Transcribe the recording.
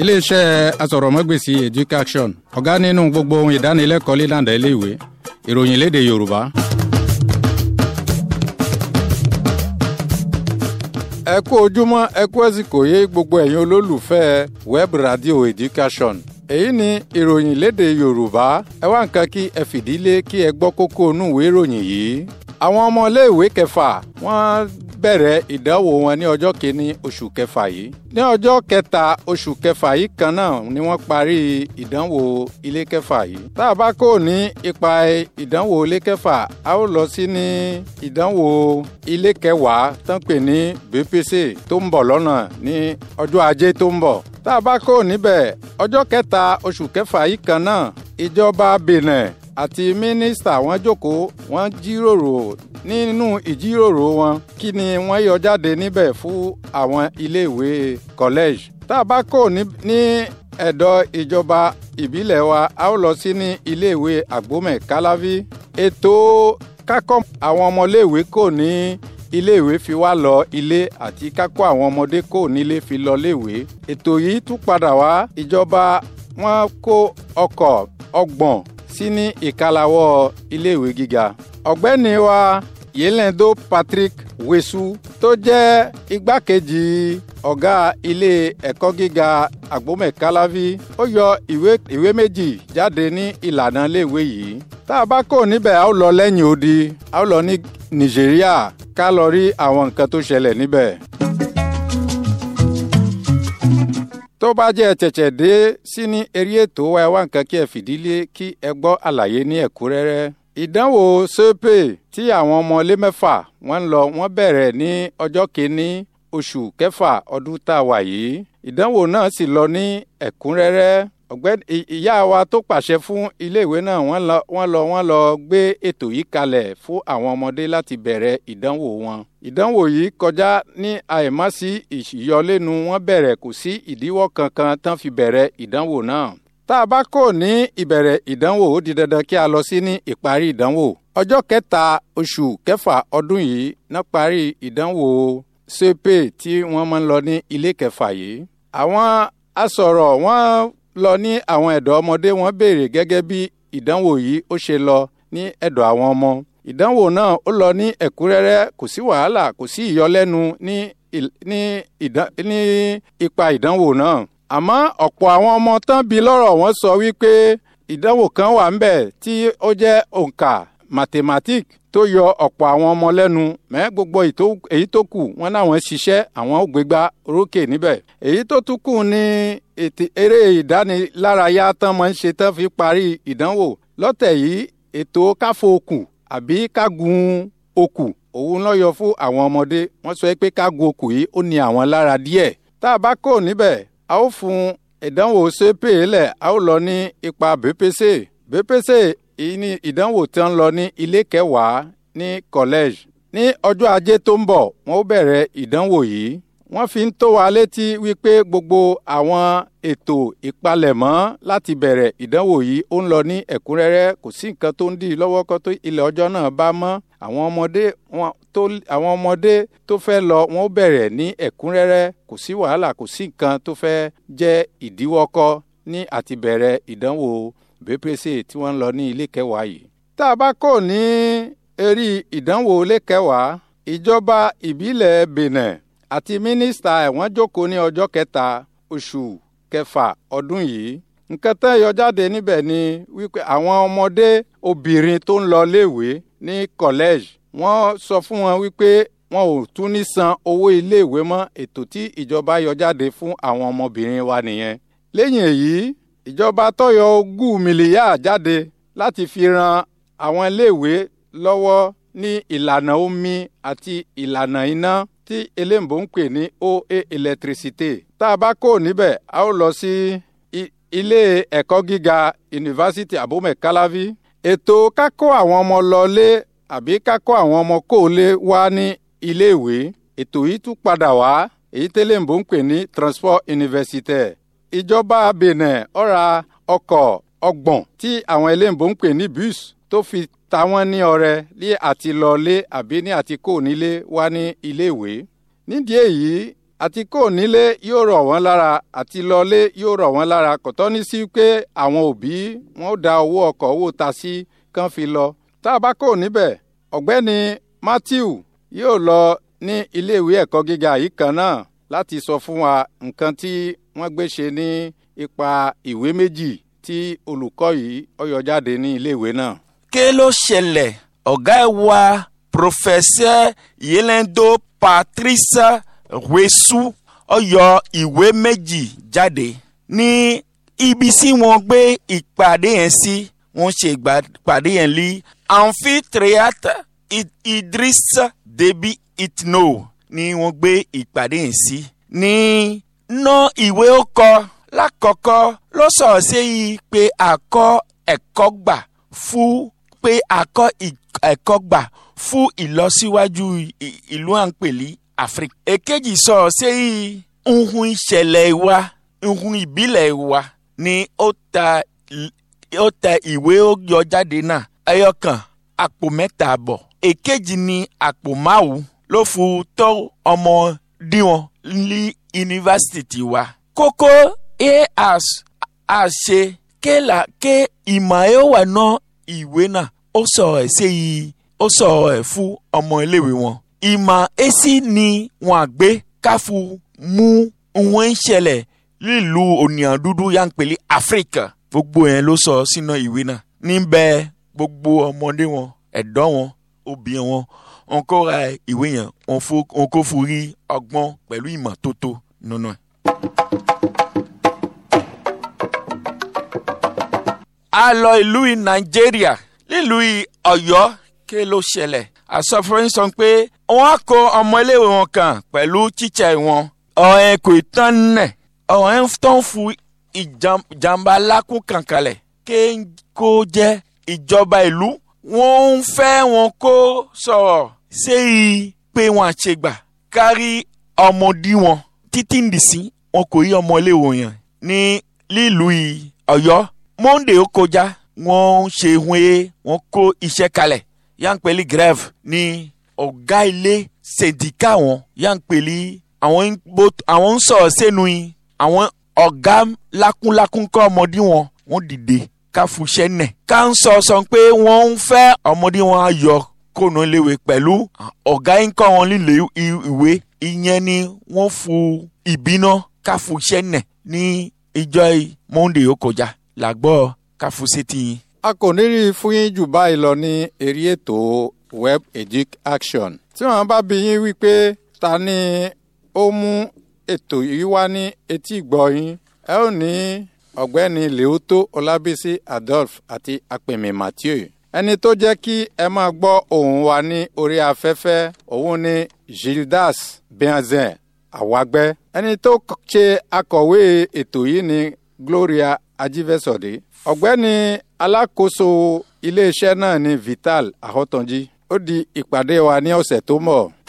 iléeṣẹ́ asọ̀rọ̀mọ́gbèsì education ọ̀gá nínú gbogbo ohun ìdánilẹ́kọ̀ọ́ lílànà iléèwé ìròyìn léde yorùbá. ẹ kú ojúmọ́ ẹ kú ẹ̀sìkò yé gbogbo ẹ̀yin olólùfẹ́ web radio education èyí ni ìròyìn léde yorùbá ẹ wá nǹkan kí ẹ fìdílé kí ẹ gbọ́ kókó inú ìròyìn yìí àwọn ọmọléèwé kẹfà wọ́n bẹ̀rẹ̀ ìdánwò wọn ní ọjọ́ kìíní oṣù kẹfà yìí. ní ọjọ́ kẹta oṣù kẹfà yìí kan náà ni wọ́n parí ìdánwò ilé kẹfà yìí. tá a bá kò ní ipa ìdánwò ilé kẹfà a ó lọ sí ní ìdánwò ilé kẹwàá tán pè ní BPC tó ń bọ̀ lọ́nà ní ọjọ́ ajé tó ń bọ̀. tá a bá kò níbẹ̀ ọjọ́ kẹta oṣù kẹfà yìí kan náà ìjọba Benin àti mínísítà wọn jókòó wọn jíròrò nínú ìjíròrò wọn kí ni wọ́n yọ jáde níbẹ̀ fún àwọn iléèwé college tá a bá kò ní ẹ̀dọ̀ ìjọba ìbílẹ̀ wa a ó lọ sí ní iléèwé àgbómẹ̀ kálávi ètò kákọ́ àwọn ọmọléèwé kò ní iléèwé fi wá lọ ilé àti kákọ́ àwọn ọmọdé kò nílé fi lọ léèwé ètò yìí tún padà wá ìjọba wọn kó ọkọ̀ ọgbọ̀n sí ní ìkàlàwọ́ iléèwé gíga. ọ̀gbẹ́ni wa yelendo Patrick wesu tó jẹ́ igbákejì ọ̀gá ilé ẹ̀kọ́ gíga agbomekalavi ó yọ ìwé méjì jáde ní ìlànà iléèwé yìí tá a bá kò níbẹ̀ a ó lọ lẹ́yìn odi a ó lọ ní Nigeria ká lọ rí àwọn nǹkan tó ṣẹlẹ̀ níbẹ̀. tó bá jẹ́ tẹ̀tẹ̀ dé sí ní eré ètò wa ẹ wá nǹkan kí ẹ fìdílé kí ẹ gbọ́ àlàyé ní ẹ̀kúnrẹ́rẹ́. ìdánwò sépè tí àwọn ọmọ ilé mẹ́fà wọ́n ń lọ wọ́n bẹ̀rẹ̀ ní ọjọ́ kìíní oṣù kẹfà ọdún tá a wà yìí ìdánwò náà sì lọ ní ẹ̀kúnrẹ́rẹ́ ọ̀gbẹ́ni ìyá wa tó pàṣẹ fún iléèwé náà wọ́n lọ wọ́n lọ gbé ètò yìí kalẹ̀ fún àwọn ọmọdé láti bẹ̀rẹ̀ ìdánwò wọn. ìdánwò yìí kọjá ní àìmásí ìyọlẹ́nu wọn bẹ̀rẹ̀ kò sí ìdíwọ́ kankan tán fi bẹ̀rẹ̀ ìdánwò náà. tá a bá kò ní ìbẹ̀rẹ̀ ìdánwò ó di dandan kí a lọ sí ní ìparí ìdánwò. ọjọ́ kẹta oṣù kẹfà ọdún yìí náà parí ìdánwò CP tí wọ́n máa ń lọ ní ilé kẹfà yìí. àwọn asọ̀rọ̀ wọ́n lọ ní àwọn ẹ̀dọ̀ ọmọdé wọn béèrè gẹ́gẹ́ bí ìdánwò yìí ó ṣe lọ ní ẹ̀dọ̀ àwọn ọmọ ìdánwò náà ó lọ ní ẹ̀kúnrẹ́rẹ́ kò sí wàhálà kò sí ìyọlẹ́nu ní ipa ìdánwò náà àmọ́ ọ̀pọ̀ àwọn ọmọ tán bí lọ́rọ̀ wọn sọ wípé ìdánwò kan wà ńbẹ̀ tí ó jẹ́ òǹkà mathematics tó yọ ọ̀pọ̀ àwọn ọmọ lẹ́nu mẹ́ gbogbo èyí tó kù wọn láwọn ṣiṣẹ́ àwọn ò gbégbá rókè níbẹ̀. èyí tó tún kù ni eré ìdánilárayá tán máa ń ṣe tán fi parí ìdánwò lọ́tẹ̀ yìí ètò káfọ okùn àbí kágun okùn òun lọ yọ fún àwọn ọmọdé wọ́n sọ pé kágun okùn yìí ó ní àwọn lára díẹ̀ tá a bá kò níbẹ̀ a ó fún ìdánwò ṣépè lẹ̀ a ó lọ ní ipa BPC BPC ìní ìdánwò tí wọ́n lọ ní ilé kẹwàá ní college. ní ọjọ́ ajé tó ń bọ̀ wọ́n bẹ̀rẹ̀ ìdánwò yìí. wọ́n fi ń tó wa létí wípé gbogbo àwọn ètò ìpalẹ̀mọ́ láti bẹ̀rẹ̀ ìdánwò yìí ó ń lọ ní ẹ̀kúnrẹ́rẹ́ kò sí nǹkan tó ń dì lọ́wọ́ kan tó ilẹ̀ ọjọ́ náà bá mọ́ àwọn ọmọdé tó fẹ́ lọ wọn bẹ̀rẹ̀ ní ẹ̀kúnrẹ́rẹ́ kò sí wàhálà kò sí nǹkan tó fẹ́ jẹ́ ìdíwọ́kọ́ ní àtibẹ̀rẹ̀ ìdánwò BPC tí wọ́n ń lọ ní ilé kẹwàá yìí. tá a bá kò ní erí ìdánwò ilé kẹwàá ìjọba ìbílẹ̀ benin àti mínísítà ẹ̀wọ̀n jókòó ní ọjọ́ kẹta oṣù kẹfà ọdún yìí nǹkan tẹ́ yọ jáde níbẹ̀ ni wípé àwọn ọmọdé obìnrin tó ń lọ léèwé ní college wọ́n sọ fún wọn wípé wọn ò tún ní san owó iléèwé mọ́ ètò tí ìjọba yọ jáde fún àwọn ọmọbìnrin wa nìyẹn lẹ́yìn èyí ìjọba tó yọ ogún mìlíyà jáde láti fi ran àwọn iléèwé lọ́wọ́ ní ìlànà omi àti ìlànà iná tí eléǹbó ń pè ní oa electricité tá a bá kó níbẹ̀ a ó lọ sí ilé ẹ̀kọ́ gíga yunifásitì abomekalavi ètò kákó àwọn ọmọ lọlé àbí kákó àwọn ọmọ kóòlé wá ní iléèwé ètò yìí tún padà wá èyí tẹ́lẹ̀ ń bò ń pè ní transport universitaire ìjọba benin ọ̀ra ọkọ̀ ọgbọ̀n tí àwọn eléǹbó ń pè ní bus tó fi ta wọ́n ní ọrẹ ní àti lọlé àbí ní àti kò nílé wá ní iléèwé nídìí èyí àti kò nílé yóò rọ̀ wọ́n lára àti lọlé yóò rọ̀ wọ́n lára kò tọ́ ní sí pé àwọn òbí wọn ó da owó ọkọ̀ owó taxi kan fi lọ tá a bá kò níbẹ̀ ọ̀gbẹ́ni matthew yóò lọ ní iléèwé ẹ̀kọ́ gíga yìí kan náà láti sọ fún wa nǹkan tí wọ́n gbéṣe ní ipa ìwé méjì tí olùkọ́ yìí ọyọ jáde ní iléèwé náà. ké ló ṣẹlẹ̀ ọ̀gá ẹ̀ wa pòfẹ́sẹ̀ yelendo patrice wesu ọyọ ìwé méjì jáde ní ibi tí wọ́n gbé ìpàdé yẹn sí wọ́n ṣe ìpàdé yẹn lé amphitheatre idris debi itno ni wọ́n gbé ìpàdé yẹn sí ní ná ìwé ó kọ lákọ̀ọ́kọ́ ló sọ̀rọ̀ sí i pé àkọ́ ẹ̀kọ́ gbà fún pé àkọ́ ẹ̀kọ́ gbà fún ìlọsíwájú ìlú àǹpẹ̀lì Áfíríkà. èkejì sọ̀rọ̀ sí i nhun ìṣẹ̀lẹ̀ wa nhun ìbílẹ̀ wa ni ó ta ó tẹ ìwé ó yọ jáde náà ẹyọkàn àpò mẹ́ta àbọ̀ èkejì ni àpò márùn ló fu tọ́ ọmọ díwọ̀n ní yunifásitì ti wa kókó as àṣe kéèlà ké ìmọ̀ ẹ̀ ó wà ná ìwé náà ó sọ ẹ̀ ṣe yìí ó sọ ẹ̀ fún ọmọ iléèwé wọn ìmọ̀ èsì ni wọn àgbé káfù mú wọn ń ṣẹlẹ̀ nílùú ònìyàn dúdú yà ń pèlè áfíríkà gbogbo yẹn ló sọ sínú ìwé náà níbẹ̀ gbogbo ọmọdé wọn ẹ̀dọ́ wọn obìnrin wọn nkóra ìwé yẹn nkó forí ọgbọ́n pẹ̀lú ìmọ́tótó nínú ẹ̀. a lọ ìlú nàìjíríà nílùú ọ̀yọ́ ké ló ṣẹlẹ̀ àsọfúnni sọ pé wọ́n kó ọmọléwé wọn kan pẹ̀lú títsà wọn ọ̀hún kò tán nẹ̀ ọ̀hún tó ń fu ìjàmbá lákùn kankanlẹ̀ kéńkó jẹ́ ìjọba ìlú wọ́n ń fẹ́ wọn kó sọ̀rọ̀ séyí pé wọn àṣegbà kárí ọmọdé wọn títí ndìsí wọn kò rí ọmọ iléèwò yẹn ní lílùú Ọ̀yọ́ monde ó kọjá wọn ṣe hun ẹ wọn kó iṣẹ́ kalẹ̀ yánpẹlí grève ní ọ̀gá ilé sèdíkà wọn yánpẹlí àwọn ń sọ̀rọ̀ sẹ́nu yìí àwọn ọ̀gá lákúnlákún kọ́ ọmọdé wọn wọ́n dìde ká fúnṣẹ́ nẹ̀ ká ń sọ sọ pé wọ́n ń fẹ́ ọmọdé wọn ayọ̀ kónú léwe pẹ̀lú ọ̀gá ń kọ́ wọn líle ìwé ìyẹn ni wọ́n fu ìbínú káfu iṣẹ́ nẹ̀ ní ìjọ Monday ó kọjá làgbọ́ káfu sétí yín. a kò ní rí i fún yín jù báyìí lọ ní eré ètò web educ action tí wọ́n bá bi yín wípé ta ni ó mú ètò yìí wá ní etí ìgbọ́ yín ẹ ò ní ọ̀gbẹ́ni Leoto Ọlábísí Adolf àti apèmí Mathieu ẹni tó jẹ́ kí ẹ máa gbọ́ ohùn wa ní orí afẹ́fẹ́ òun ni Gildas Benzen Àwágbẹ́ ẹni tó ṣe akọ̀wé ètò yìí ni Gloria Ajivesode ọ̀gbẹ́ni alákòóso iléeṣẹ́ náà ni Vital Ahotanji ó di ìpàdé wa ní ọ̀sẹ̀ tó mọ̀.